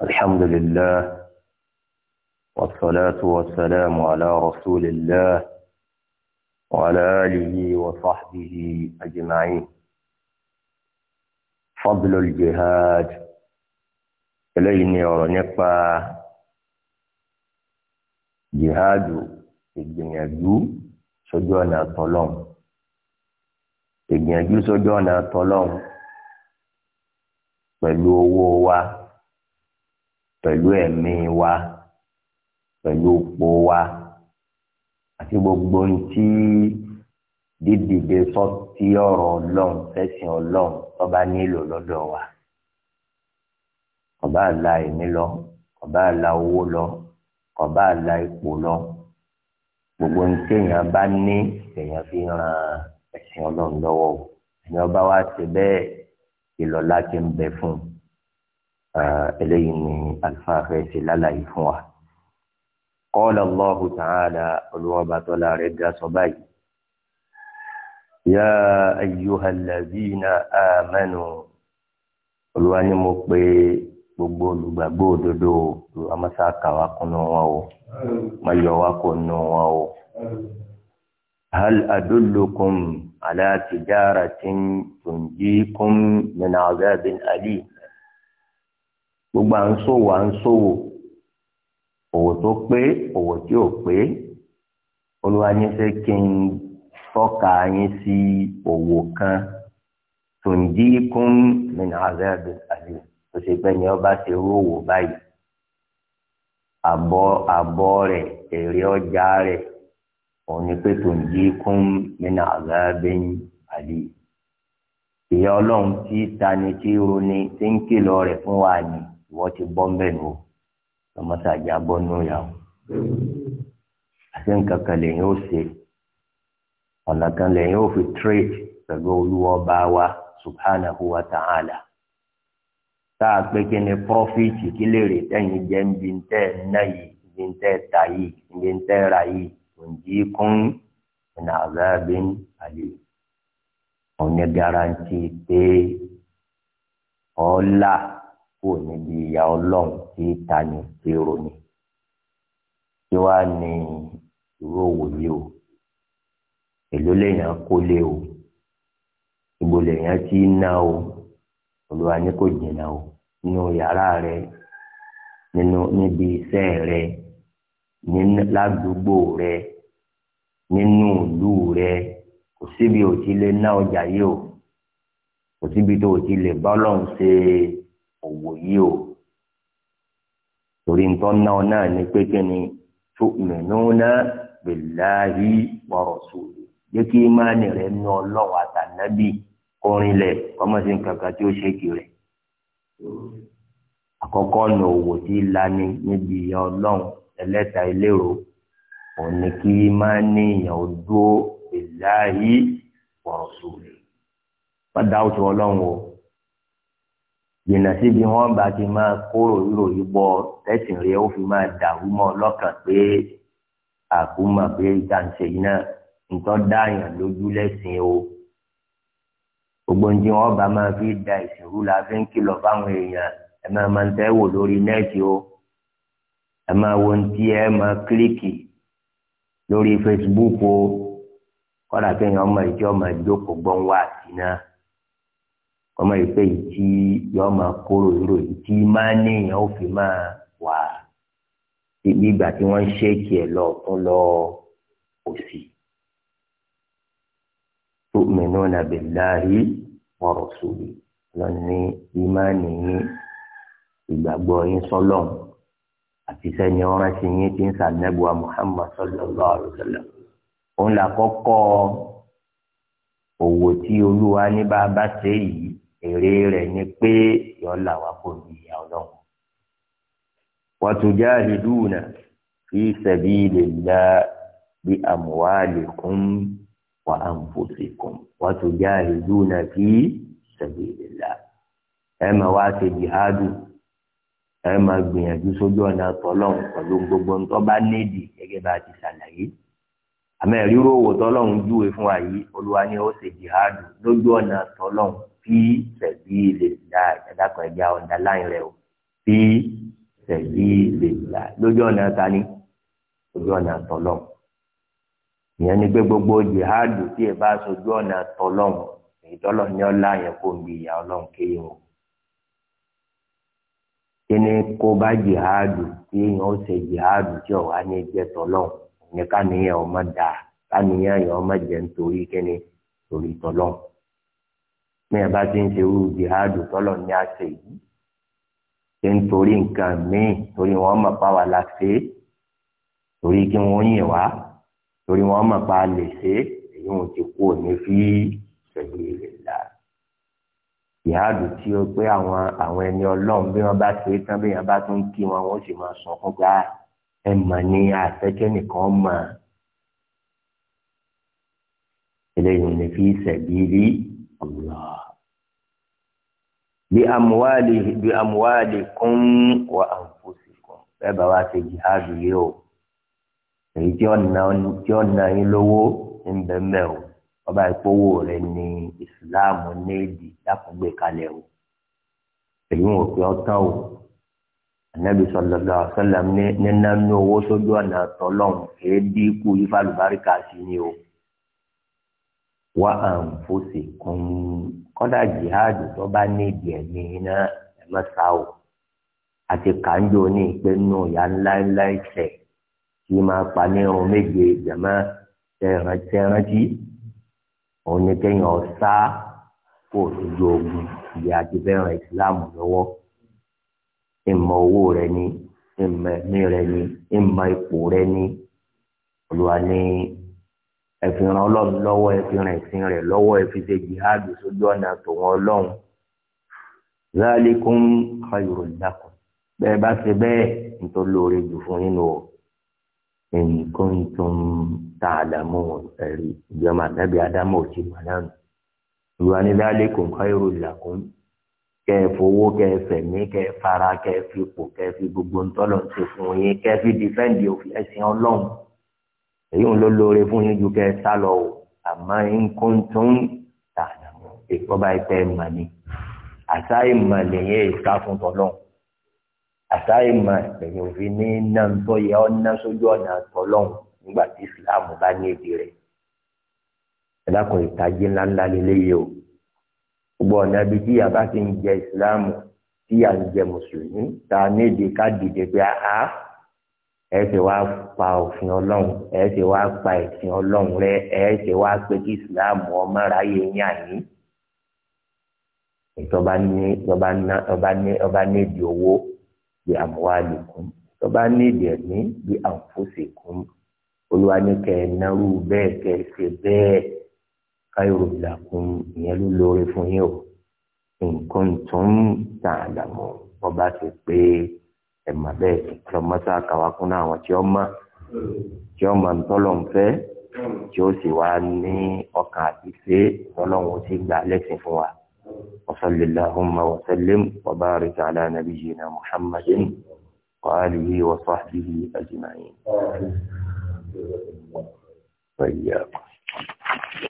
الحمد لله والصلاة والسلام على رسول الله وعلى آله وصحبه أجمعين فضل الجهاد إليني ورنقى جهاد ìgbìyànjú sójú ọ̀nà àtọ̀lọ́hún ìgbìyànjú sójú ọ̀nà àtọ̀lọ́hún pẹ̀lú owó wa pẹ̀lú ẹ̀mí wa pẹ̀lú òpó wa àti gbogbo ohun tí dídìde sọ́tí ọ̀rọ̀ ọlọ́run fẹ́sìn ọlọ́run tó bá nílò lọ́dọ̀ wa kọ̀bá àla ẹ̀mí lọ kọ̀bá àla owó lọ kọ̀bá àla ipò lọ gbogbo ohun téèyàn bá ní èèyàn fi ràn ẹ̀sìn ọlọ́run lọ́wọ́ ẹ̀yìn ọba wa ṣe bẹ́ẹ̀ ìlọ́lá ti ń bẹ fún un eléyìí ni àlùfáà fẹ́ ṣe lálàyé fún wa. qala Allahu ta'ala olùwàbà tọ́lá rẹ̀ dá sọ báyìí. ya ayyuhal ladhina amanu olùwà ni mo pè gbogbo olùgbàgbọ́ òdodo olùwàmọ́sá kàwá kúnnú wọn o má kúnnú wọn o. hal adullukum ala tijaratin tunjikum min azabin alim gbogbo à ń ṣòwò à ń ṣòwò òwò tó pé òwò tí ò pé olúwa kí n tọ́ka yín sí òwò kan tó ń dí kún nínú àgbẹ̀dẹ àti tó ṣe pé ní ọba ṣe rówó báyìí àbọ̀ àbọ̀ rẹ̀ èrè ọjà rẹ̀ òun ni pé tó ń dí kún nínú àgbẹ̀dẹ àti ìyá ọlọ́run tí tani tí ro ni tí ń kìlọ̀ rẹ̀ fún wa ni ìwọ ti bọ́ ń bẹ̀ nù o ọmọtàjà bọ́ nù yà o àti nǹkan kan lèyìn ó ṣe ọ̀nà kan lèyìn ó fi trade pẹ̀lú olúwa ọba wa subhanahu wa ta'ala tá a pé kí ni profit kí lèrè tẹ̀yìn jẹ́ ń bi ń tẹ́ ẹ̀ ná yìí ń bi ń tẹ́ ẹ̀ ta yìí ń bi ń tẹ́ ẹ̀ ra yìí òǹjì kún ìnà àzáàbín àlè òun ní garanti pé ọ̀la kúrò níbi ìyá ọlọ́run tí ta ni èrò tí wàá ní ìró òwòye o èló lèèyàn kó lé o ìbò lèèyàn ti ná o olùwà ní kò jìnnà o nínú yàrá rẹ nínú níbi iṣẹ́ rẹ nínú ládùúgbò rẹ nínú ìlú rẹ kò síbi ò ti lè ná ọjà yìí o kò síbi tó o ti lè bá ọlọ́run ṣe é òwò yìí o torí nǹkan náà náà ni pé kí ni tu'minuna billahi wa rasuli jẹ́ kí imáàni rẹ̀ ní ọlọ́wọ́ àtànábì orin lẹ̀ kọ́mọ́sí kankan tí ó ṣe kiri àkọ́kọ́ ní òwò tí lani níbi ọlọ́run ẹlẹ́ta ìlérò òun ni kí imáàni èèyàn ó dúró billahi wa rasuli má dáwọ́ tó ọlọ́run o jìnnà síbi wọn bá ti máa kóró ìròyìn bọ tẹsán rẹ ó fi máa dàrú mọ lọ́kàn pé àkúmọ pé ìtànṣe yìí náà nǹkan dáàyàn lójú lẹ́sìn o gbogbo ní wọn bá máa fi da ìṣòro la fi ń kìlọ̀ fáwọn èèyàn ẹ máa máa ń tẹ́ wò lórí nẹ́ẹ̀tì o ẹ máa wo ní tí ẹ máa kílíkì lórí Facebook o kọ́dà kéèyàn ọmọ ìjọ máa jókòó gbọ́n wá sí ọmọ ìpè yìí tí yọọ máa kóró ìró yìí tí máa ní èèyàn ó fi máa wà bí ìgbà tí wọ́n ń ṣéèkì ẹ̀ lọ tún lọ òsì. tu'minuna billahi wa rasulihi lọ́ni ìmánì yín ìgbàgbọ́ yín sọ́lọ̀ àti sẹ́ni ọ̀ràn sí yín tí ń sàlẹ́bùwà Muhammad sallallahu alaihi wasallam. òun là kọ́kọ́ òwò tí olúwa ní bá bá ṣe yìí èrè rẹ̀ ni pé yọ là wá kò ní ìyá ọlọ́run. watujahiduna fi sabilillah bi amwalikum wa anfusikum watujahiduna fi sabilillah. ẹ máa wá ṣe jihadu ẹ máa gbìyànjú sójú ọ̀nà tọ́lọ́run pẹ̀lú gbogbo ń tọ́ bá nídìí gẹ́gẹ́ bá a ti ṣàlàyé àmọ́ ẹ̀rí rówó tọ́lọ́run júwe fún wa yìí olúwa ni ó ṣe jihadu lójú ọ̀nà tọ́lọ́run fi sabilillah ẹ̀dàkọ̀ ẹ̀já ọ̀dà láyìn rẹ̀ o fi sabilillah lójú ọ̀nà tani lójú ọ̀nà tọ̀lọ̀ ìyẹn ni pé gbogbo jihadu tí ẹ bá sojú ọ̀nà tọ̀lọ̀ èyí tọ́lọ̀ ní ọ̀la yẹn kó mi ìyá ọlọ́run kéye o kíni kó bá jihadu tí èèyàn ó ṣe jihadu tí ọ̀wá ní jẹ́ tọ̀lọ̀ ní káníyàn ọmọ dáa káníyàn ọmọ jẹ́ nítorí kíni torí tọ̀lọ̀ ní ẹ̀bá tí ń ṣe irú jihadu tọ́lọ̀ ní àṣẹ yìí ṣe ń torí nǹkan míì torí wọn mọ̀ pa wà la ṣe é torí kí wọ́n yìn wá torí wọn mọ̀ pa lè ṣe é èyí wọn ti kú òní fi ṣẹ̀lẹ̀ rẹ̀ la. jihadu tí ó pé àwọn àwọn ẹni ọlọ́run bí wọ́n bá ṣe tán bí wọ́n bá tún kí wọn wọ́n sì máa sọ fún gbà ẹ̀ mọ̀ ní àtẹ́kẹ́ nìkan mọ̀ eléyìí ò ní fi ṣẹ̀bí rí ọ̀la bí amuwaali bí amuwaali kún wa àǹfóṣe kún bẹ́ẹ̀ bá wa ṣe jihadu yìí o èyí tí ọ̀nà tí ọ̀nà yín lówó ń bẹ mẹ́ o ọba ìpowó rẹ ní ìsìláàmù nídìí dákúngbé kalẹ̀ o èyí wọn ò fi ọtán o anabi sọlọlọ sọlọm ní owó sójú ọ̀nà tọlọ́hún èé dínkù ifá lùbáríkà sí ni o wa àǹfóṣe kún kọ́dà jihadu tó bá ní ìdí ẹ̀mí iná ẹ̀mọ́sá o àti kàńjọ ní ìpè nù ya ńláńlá ìṣẹ̀ tí máa pa ní irun méje jẹ̀mọ́ tẹ̀rántí òun ni kéèyàn sá kó ojú ogun ìyá àti fẹ́ràn ìsìláàmù lọ́wọ́ ìmọ̀ owó rẹ ni ìmọ̀ ẹ̀mí rẹ ni ìmọ̀ ipò rẹ ni olùwà ni ẹ̀fìn ràn ọlọ́run lọ́wọ́ ẹ̀fìn ràn ẹ̀sìn rẹ̀ lọ́wọ́ ẹ̀fìn ṣe jihadu sójú ọ̀nà tòun ọlọ́run zalikum khayrun lakum bẹ́ẹ̀ bá ṣe bẹ́ẹ̀ nítorí lóore jù fún yín o in kuntum ta'lamun ẹ̀rí ìjọba àtẹ́bí ádámù òtí màdánù ìwà ní zalikum khayrun lakum kẹ́ ẹ fowó kẹ́ ẹ fẹ̀mí kẹ́ ẹ fara kẹ́ ẹ fipò kẹ́ ẹ fi gbogbo ntọ́lọ́ ṣe fún yín kẹ́ ẹ fi dìfẹ́ǹdì òfin ẹ̀sìn ọlọ́run èyí ń lọ lóore fún yín ju kẹ ẹ sá lọ o àmọ́ ń kó ń tó ń tà ìkọba ìtẹ ìmọ̀ ni àṣà ìmọ̀ lèyìn èyíká fún tọ́lọ́ àṣà ìmọ̀ lèyìn òfin ní náà tó yẹ ọ́ ná sójú ọ̀nà tọ́lọ́ nígbà tí Islam bá ní èdè rẹ̀ ẹ̀dákọ̀ ìtají ńláńlá lélẹ́yìí o gbogbo ọ̀nà bíi tí yàrá ti ń jẹ Islam tí yàrá ń jẹ mùsùlùmí ta ní èdè ká dìde pé àá ẹ ṣe wá pa òfin ọlọ́run ẹ ṣe wá pa ìsìn ọlọ́run rẹ ẹ ṣe wá pé kí ìsìláàmù ọmọ ráyè yàn yín ìtọ́ba ní ọba ní ọba ní ọba ní ìdí owó bí àmúwálìkún ìtọ́ba ní ìdí ẹ̀mí bí àǹfóṣèkún olúwa ní kẹ ẹ náírú bẹ́ẹ̀ kẹ ẹ ṣe bẹ́ẹ̀ káyọ̀rọ̀ ìlàkùn ìyẹn ló lóore fún yín o nǹkan tó ń tàn àdàmọ́ ọba ti pé ẹ̀mà bẹ́ẹ̀ lọ́mọ́sá kàwákúnná àwọn tí ó mọ̀ tí ó mọ̀ ntọ́lọ̀ ń fẹ́ tí ó sì wá ní ọkàn àti ṣe ọlọ́run ti gbà lẹ́sìn fún wa. وصل اللهم وسلم وبارك على نبينا محمد وآله وصحبه أجمعين وإياكم